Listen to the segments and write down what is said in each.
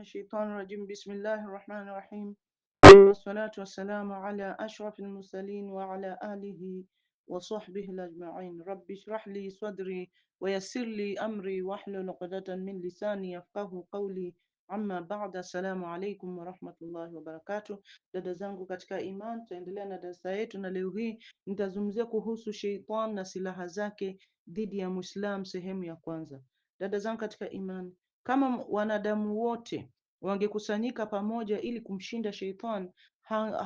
Minashaitanirajim. Bismillahirrahmanirrahim. Wassalatu wassalamu ala ashrafil mursalin wa ala alihi wa sahbihi ajma'in. Rabbi shrah li sadri wa yassir li amri wahlul 'uqdatan min lisani yafqahu qawli. Amma ba'da, assalamu alaikum warahmatullahi wabarakatuh. Dada zangu katika iman, tutaendelea na darasa yetu, na leo hii nitazungumzia kuhusu sheitan na silaha zake dhidi ya Muislam, sehemu ya kwanza. Dada zangu katika iman kama wanadamu wote wangekusanyika pamoja ili kumshinda sheitani,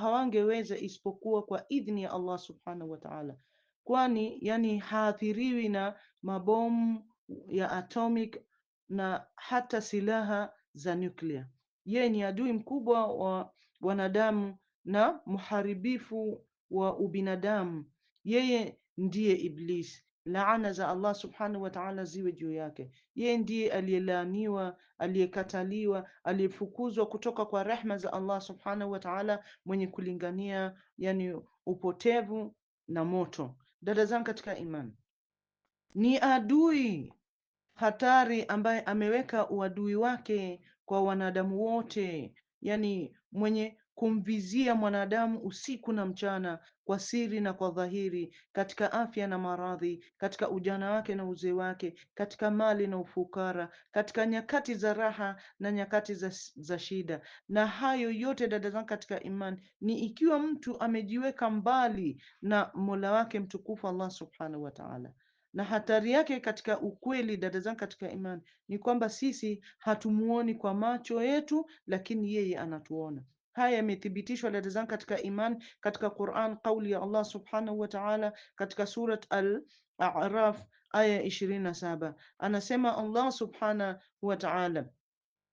hawangeweza isipokuwa kwa idhini ya Allah subhanahu wa ta'ala, kwani yani haathiriwi na mabomu ya atomic na hata silaha za nuclear. Yeye ni adui mkubwa wa wanadamu na mharibifu wa ubinadamu. Yeye ndiye Iblisi, laana za Allah subhanahu wa ta'ala ziwe juu yake. Yeye ndiye aliyelaaniwa, aliyekataliwa, aliyefukuzwa kutoka kwa rehma za Allah subhanahu wa ta'ala, mwenye kulingania yani upotevu na moto. Dada zangu katika imani, ni adui hatari ambaye ameweka uadui wake kwa wanadamu wote, yani mwenye kumvizia mwanadamu usiku na mchana kwa siri na kwa dhahiri, katika afya na maradhi, katika ujana wake na uzee wake, katika mali na ufukara, katika nyakati za raha na nyakati za, za shida. Na hayo yote dada zangu katika imani ni ikiwa mtu amejiweka mbali na Mola wake mtukufu Allah subhanahu wa ta'ala na hatari yake katika ukweli, dada zangu katika imani, ni kwamba sisi hatumuoni kwa macho yetu, lakini yeye anatuona. haya yamethibitishwa dada zangu katika iman katika Quran kauli ya Allah subhanahu wa ta'ala katika surat al-A'raf aya 27 anasema Allah subhanahu wa ta'ala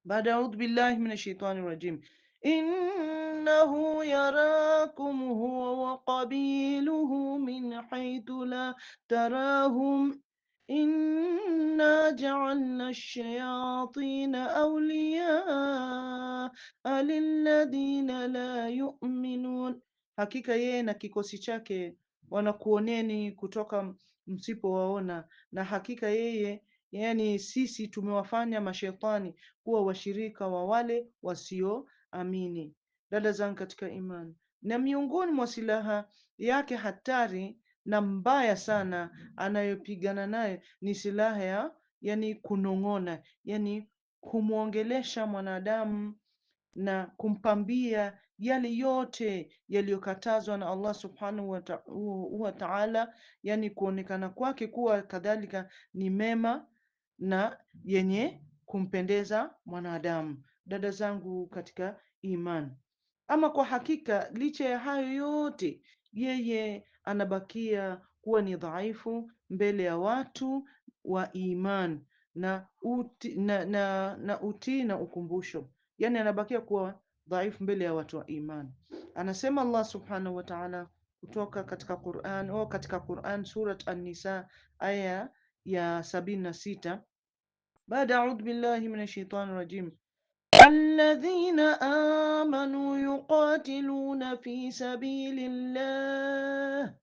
baada audhu billahi minash shaitani rajim إنه يراكم هو وقبيله من حيث لا تراهم إنا جعلنا الشياطين أولياء للذين لا يؤمنون Hakika yeye na kikosi chake wanakuoneni kutoka msipowaona, na hakika yeye, yani sisi tumewafanya mashetani kuwa washirika wa wale wasioamini. Dada zangu katika imani, na miongoni mwa silaha yake hatari na mbaya sana anayopigana nayo ni silaha ya yani kunong'ona, yani kumwongelesha mwanadamu na kumpambia yale yote yaliyokatazwa na Allah subhanahu wa ta'ala, yani kuonekana kwake kuwa kadhalika ni mema na yenye kumpendeza mwanadamu. Dada zangu katika imani, ama kwa hakika, licha ya hayo yote, yeye anabakia kuwa ni dhaifu mbele ya watu wa iman na uti na, na, na utii na ukumbusho, yani anabakia kuwa dhaifu mbele ya watu wa iman. Anasema Allah subhanahu wa ta'ala kutoka katika Qur'an au oh, katika Qur'an surat An-Nisa aya ya sabini na sita baada audhu billahi minash shaitani rajim الذين آمنوا يقاتلون في سبيل الله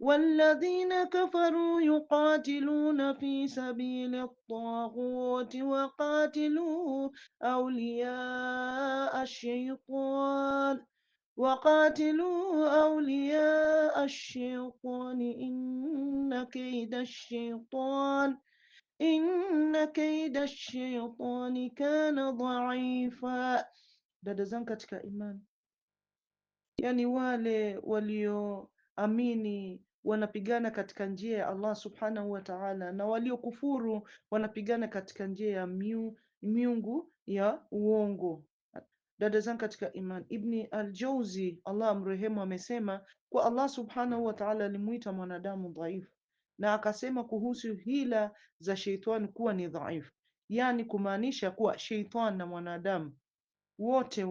والذين كفروا يقاتلون في سبيل الطاغوت وقاتلوا أولياء الشيطان وقاتلوا أولياء الشيطان إن كيد الشيطان inna kaida kana dhaifa. Dada zangu katika imani, yani wale walioamini wanapigana katika njia ya Allah subhanahu wa ta'ala, na waliokufuru wanapigana katika njia ya miu, miungu ya uongo. Dada zangu katika iman, Ibni Aljauzi Allah amrehemu, amesema kwa Allah subhanahu wa ta'ala alimuita mwanadamu dhaifu na akasema kuhusu hila za sheitani kuwa ni dhaifu, yani kumaanisha kuwa sheitani na mwanadamu wote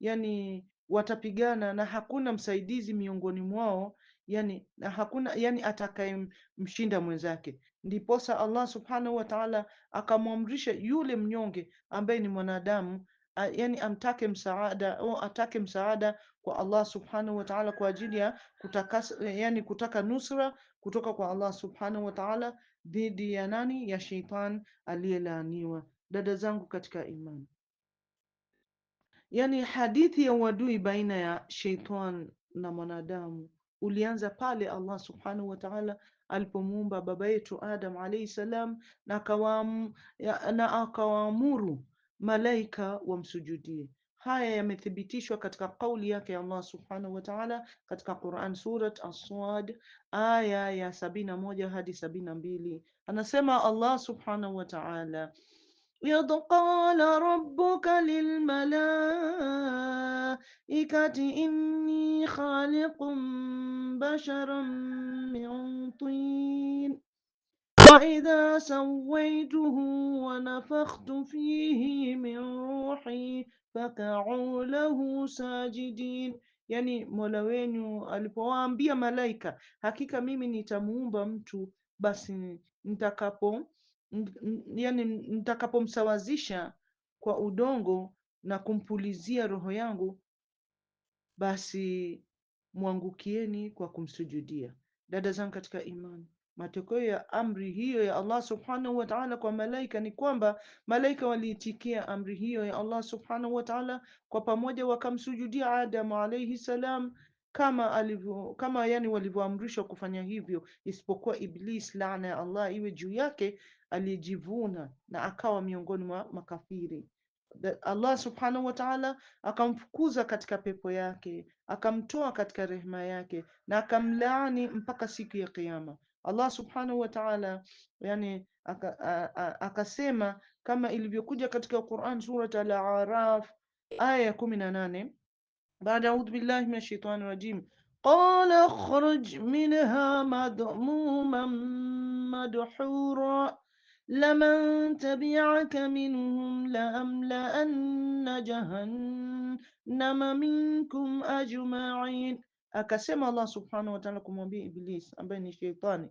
yani watapigana na hakuna msaidizi miongoni mwao yani, na hakuna yani atakayemshinda mwenzake. Ndiposa Allah subhanahu wa ta'ala akamwamrisha yule mnyonge ambaye ni mwanadamu yani amtake msaada au atake msaada kwa Allah subhanahu wa ta'ala kwa ajili ya kutaka, yani kutaka nusra kutoka kwa Allah subhanahu wa ta'ala dhidi ya nani? Ya sheitan aliyelaaniwa. Dada zangu katika imani, yani hadithi ya uadui baina ya sheitan na mwanadamu ulianza pale Allah subhanahu wa ta'ala alipomuumba baba yetu Adam alayhi salam na akawaamuru malaika wamsujudie. Haya yamethibitishwa katika kauli yake Allah subhanahu wa ta'ala katika Quran Surat As-Swad aya ya sabini na moja hadi sabini na mbili anasema Allah subhanahu wa ta'ala إذ قال ربك للملائكة إني خالق بشرا من طين وإذا سويته ونفخت فيه من ruhi fakau lahu sajidin yani mola wenyu alipowaambia malaika hakika mimi nitamuumba mtu basi nitakapo yani nitakapomsawazisha kwa udongo na kumpulizia roho yangu basi mwangukieni kwa kumsujudia dada zangu katika imani Matokeo ya amri hiyo ya Allah subhanahu wa ta'ala kwa malaika ni kwamba malaika waliitikia amri hiyo ya Allah subhanahu wa ta'ala kwa pamoja, wakamsujudia Adamu alayhi salam kama alivyo, kama yani walivyoamrishwa kufanya hivyo, isipokuwa Iblis, laana ya Allah iwe juu yake, alijivuna na akawa miongoni mwa makafiri. Allah subhanahu wa ta'ala akamfukuza katika pepo yake, akamtoa katika rehema yake na akamlaani mpaka siku ya Kiyama. Allah subhanahu wa ta'ala yani akasema kama ilivyokuja katika Quran surat Al-Araf aya ya kumi na nane baada audhu billahi minash shaitani rajim qala khruj minha madhmuman madhura لمن تبعك منهم لأملأن جهنم minkum ajma'in Akasema Allah subhanahu wa ta'ala kumwambia Iblis ambaye ni sheitani,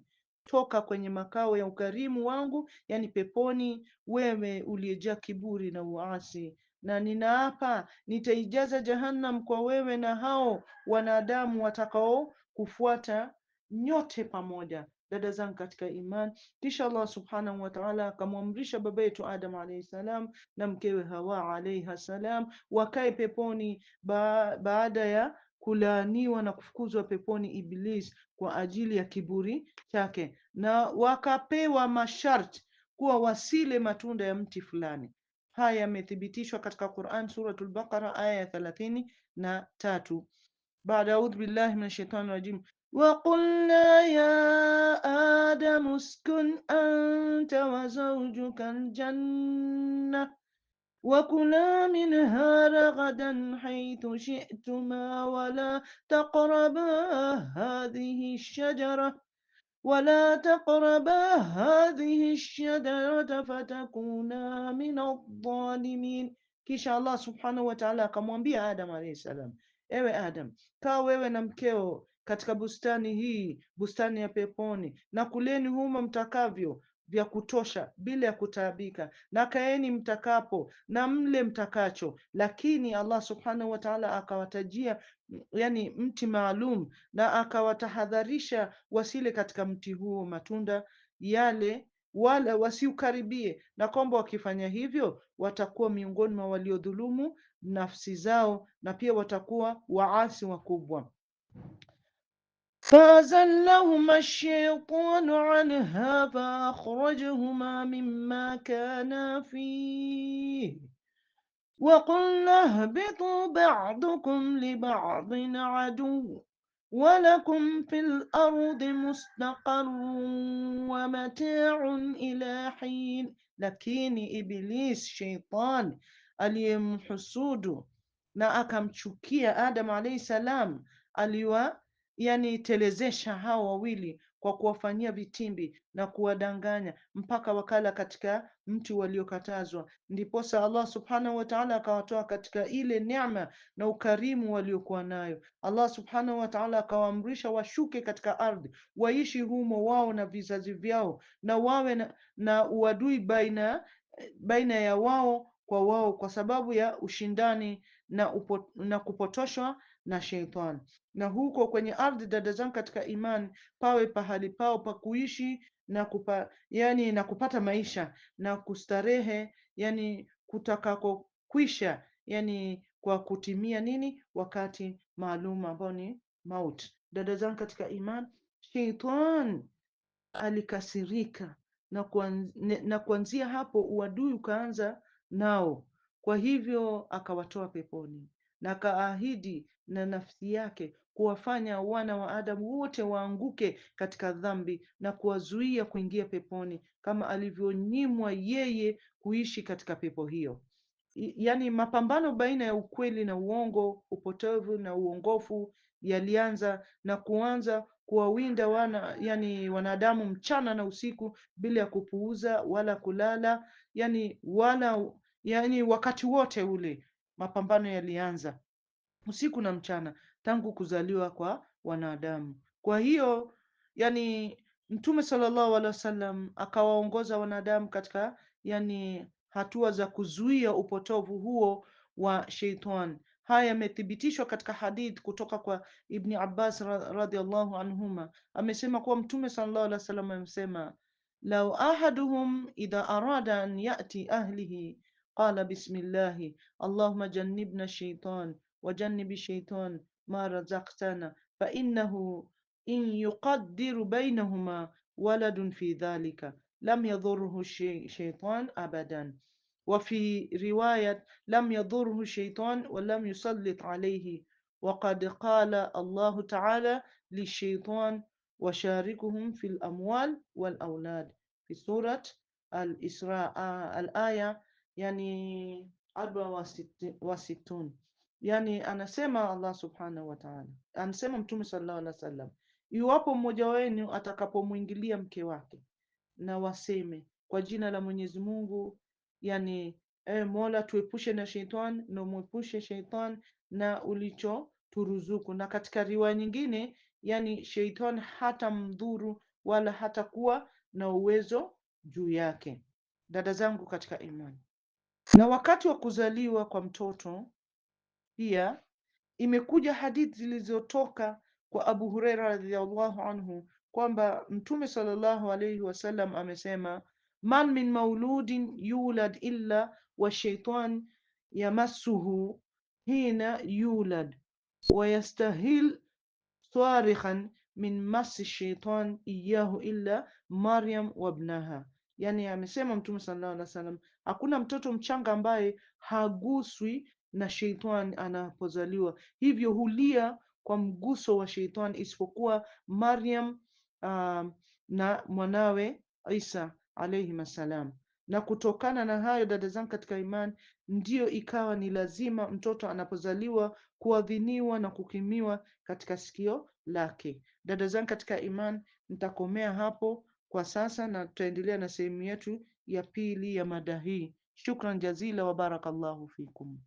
toka kwenye makao ya ukarimu wangu, yani peponi, wewe uliyejaa kiburi na uasi, na ninaapa nitaijaza Jahannam kwa wewe na hao wanadamu watakao kufuata nyote pamoja. Dada zangu katika iman, kisha Allah subhanahu wa ta'ala akamwamrisha baba yetu Adam alayhi salam na mkewe Hawa alayha salam wakae peponi ba baada ya kulaaniwa na kufukuzwa peponi iblis kwa ajili ya kiburi chake, na wakapewa masharti kuwa wasile matunda ya mti fulani. Haya yamethibitishwa katika Quran Suratul Baqara aya ya thelathini na tatu baada audhu billahi min shaitani rajim waqulna ya adamu uskun anta wa zawjuka aljanna وكلا منها رغدا حيث شئتما ولا تقربا هذه الشجرة ولا تقربا هذه الشجرة فتكونا من الظالمين كيش الله سبحانه وتعالى كما بي آدم عليه السلام ewe آدم kaa wewe na mkeo katika bustani hii bustani ya هما na vya kutosha bila ya kutaabika, na kaeni mtakapo na mle mtakacho. Lakini Allah subhanahu wa ta'ala akawatajia yani mti maalum na akawatahadharisha wasile katika mti huo matunda yale wala wasiukaribie, na kwamba wakifanya hivyo watakuwa miongoni mwa waliodhulumu nafsi zao na pia watakuwa waasi wakubwa. فأزلهما الشيطان عنها فأخرجهما مما كانا فيه وقلنا اهبطوا بعضكم لبعض عدو ولكم في الأرض مستقر ومتاع إلى حين lakini Ibilisi sheitani aliyemhusudu na akamchukia آدم عليه السلام aliwa yani telezesha hao wawili kwa kuwafanyia vitimbi na kuwadanganya mpaka wakala katika mti waliokatazwa. Ndiposa Allah subhanahu wa ta'ala akawatoa katika ile neema na ukarimu waliokuwa nayo. Allah subhanahu wa ta'ala akawaamrisha washuke katika ardhi, waishi humo wao na vizazi vyao, na wawe na, na uadui baina, baina ya wao kwa wao kwa sababu ya ushindani na, upo, na kupotoshwa na sheitani. Na huko kwenye ardhi, dada zangu katika iman pawe pahali pao pa kuishi na kupa, yani na kupata maisha na kustarehe, yani kutakako kwisha, yani kwa kutimia nini, wakati maalum ambao ni maut. Dada zangu katika iman sheitan alikasirika na, kuanz, na kuanzia hapo uadui ukaanza nao. Kwa hivyo akawatoa peponi na akaahidi na nafsi yake kuwafanya wana wa Adamu wote waanguke katika dhambi na kuwazuia kuingia peponi kama alivyonyimwa yeye kuishi katika pepo hiyo. Yaani, mapambano baina ya ukweli na uongo, upotovu na uongofu yalianza na kuanza kuwawinda wana yani wanadamu mchana na usiku bila ya kupuuza wala kulala, yani wala yani wakati wote ule mapambano yalianza usiku na mchana tangu kuzaliwa kwa wanadamu. Kwa hiyo yani Mtume sallallahu alaihi wasallam akawaongoza wanadamu katika yani hatua za kuzuia upotovu huo wa sheitani. Haya yamethibitishwa katika hadith kutoka kwa Ibni Abbas radhiallahu anhuma, amesema kuwa Mtume sallallahu alaihi wasallam amesema lau ahaduhum idha arada an yati ahlihi qala bismillahi allahumma jannibna shaitan وجنب الشيطان ما رزقتنا فإنه إن يقدر بينهما ولد في ذلك لم يضره الشيطان أبدا وفي رواية لم يضره الشيطان ولم يسلط عليه وقد قال الله تعالى للشيطان وشاركهم في الأموال والأولاد في سورة الإسراء الآية يعني 64 Yani anasema Allah subhanahu wa taala, anasema Mtume sallallahu alaihi wasallam, iwapo mmoja wenu atakapomwingilia mke wake na waseme kwa jina la Mwenyezi Mungu, yani e, Mola tuepushe na sheitan na umwepushe sheitani na ulichoturuzuku. Na katika riwaya nyingine, yani sheitan hata mdhuru wala hatakuwa na uwezo juu yake. Dada zangu katika imani, na wakati wa kuzaliwa kwa mtoto pia imekuja hadithi zilizotoka kwa Abu Huraira radhiallahu anhu kwamba Mtume sallallahu alayhi wasallam amesema, man min mauludin yulad illa wa washaitan yamassuhu hina yulad yastahil swarikhan min masi shaitan iyahu illa Maryam wabnaha. Yani amesema Mtume sallallahu alayhi wasallam, hakuna mtoto mchanga ambaye haguswi na sheitani anapozaliwa, hivyo hulia kwa mguso wa sheitani, isipokuwa Maryam uh, na mwanawe Isa alayhim assalam. Na kutokana na hayo, dada zangu katika imani, ndiyo ikawa ni lazima mtoto anapozaliwa kuadhiniwa na kukimiwa katika sikio lake. Dada zangu katika imani, nitakomea hapo kwa sasa na tutaendelea na sehemu yetu ya pili ya mada hii. Shukran jazila wa barakallahu fikum.